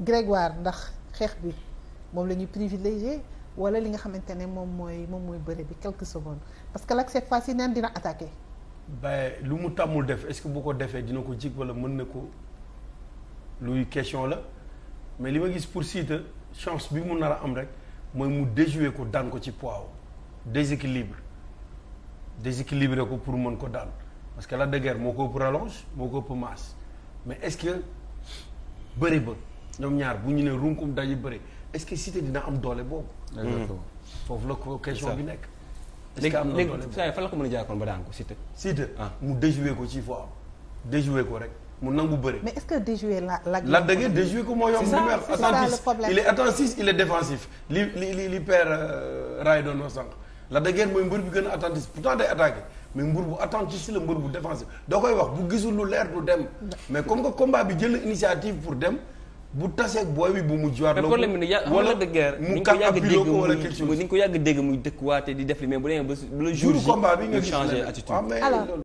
Grégoire ndax xeex bi moom la ñuy privilégié wala li nga xamante ne moom mooy moom mooy bëri bi quelques secondes parce que nag cette fois yi neen dina attaqué. ba lu mu tàmmul def est-ce que bu ko defee dina ko jig wala mën na ko luy question la mais li ma gis pour Siteu chance bi mu nar a am rek mooy mu déjouer ko daan ko ci poids déséquilibre déséquilibré ko pour mën ko daan parce que la de guerre moo ko ëpp rallonge moo ko ëpp masse mais est-ce que bëri ba. ñoom ñaar bu ñu ne runkum daje bëri est-ce que cité dina am doole boobu. foofu la ko question bi nekk. est-ce que am na doole léegi fan la ko mën a jaar kon ba daan ko cité. cité ah. mu déjoué ko ci fois déjoué ko rek mu nangu bëri. la la. la ko moo yomb. c'est ça c'est euh, doon wax sànq la dëgg mooy mbër bi gën a attentif pourtant day attaqué. mais mbër bu attentif si la mbër bu défensif da koy wax bu gisul lu leer du dem. mais comme que combat bi jël initiative pour dem. bu taseeg booy bi bu mu jiwaat. donc problème bi nag yàlla wala de ko yàgg quelque chose ni ñu ko yàgg dégg muy dëkkuwaate di def li mais bu demee ba le jour. jour combat bi nga gis attitude ah,